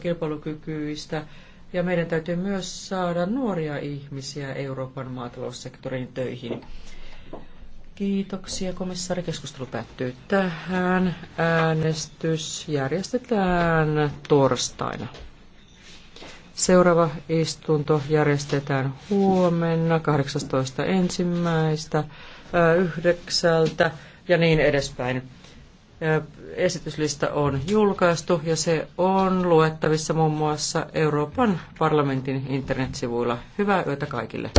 kilpailukykyistä. Ja meidän täytyy myös saada nuoria ihmisiä Euroopan maataloussektorin töihin. Kiitoksia, komissaari. Keskustelu päättyy tähän. Äänestys järjestetään torstaina. Seuraava istunto järjestetään huomenna 18.1. yhdeksältä ja niin edespäin. Esityslista on julkaistu ja se on luettavissa muun muassa Euroopan parlamentin internetsivuilla. Hyvää yötä kaikille.